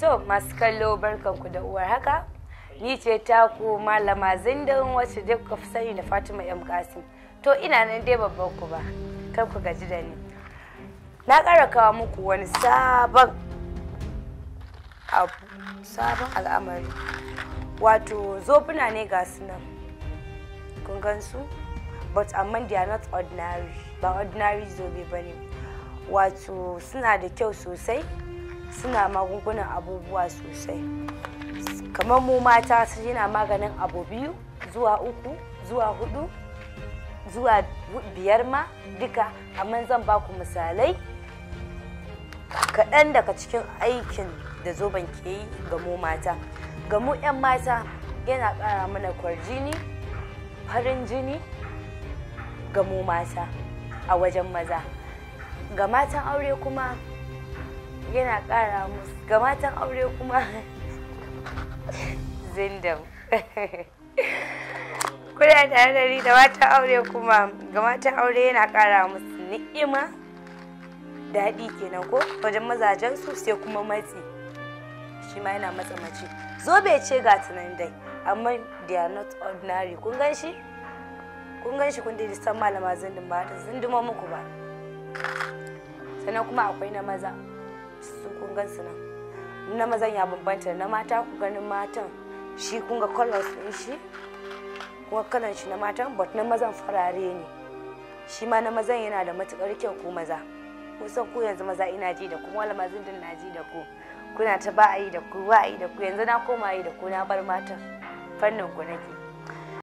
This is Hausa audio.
To masu kallo ku da uwar haka, ni ce ta taku malama zindin wacce dai kuka sani da Fatima ƴan Kasim. To ina nan dai babban ku ba, kar ku gaji da ni. Na ƙara kawo muku wani sabon abu, sabon al'amari. Wato zofuna ne ga su nan, kun gan But amma they are not ordinary, ba ordinary zobe ba ne. Wato suna da kyau sosai. suna magungunan abubuwa sosai kamar mu mata su yana maganin abu biyu zuwa uku zuwa hudu zuwa biyar ma duka amma zan ba ku misalai kaɗan daga cikin aikin da zoben ke yi ga mu mata ga mu 'yan mata yana ƙara mana kwarjini farin jini ga mu mata a wajen maza ga matan aure kuma yana ƙara musu ga matan aure kuma zindam kuna tare da ni da matan aure kuma ga matan aure yana ƙara musu ni'ima daɗi kenan ko wajen mazajen su sai kuma matsi shi ma yana matsa mace zobe ce ga tunan dai amma they are not ordinary kun gan shi kun gan shi kun dai san malama zindin ba ta zinduma muku ba sannan kuma akwai na maza sun kun gansu nan na mazan ya bambanta na mata ku ganin matan shi kun ga sun shi kuma kalan shi na matan but na mazan farare ne shi ma na mazan yana da matukar kyau ku maza kusan ku yanzu maza ina ji da ku wala mazin din na ji da ku kuna ta ba da ku ba da ku yanzu na koma yi da ku na bar matan fannin ku nake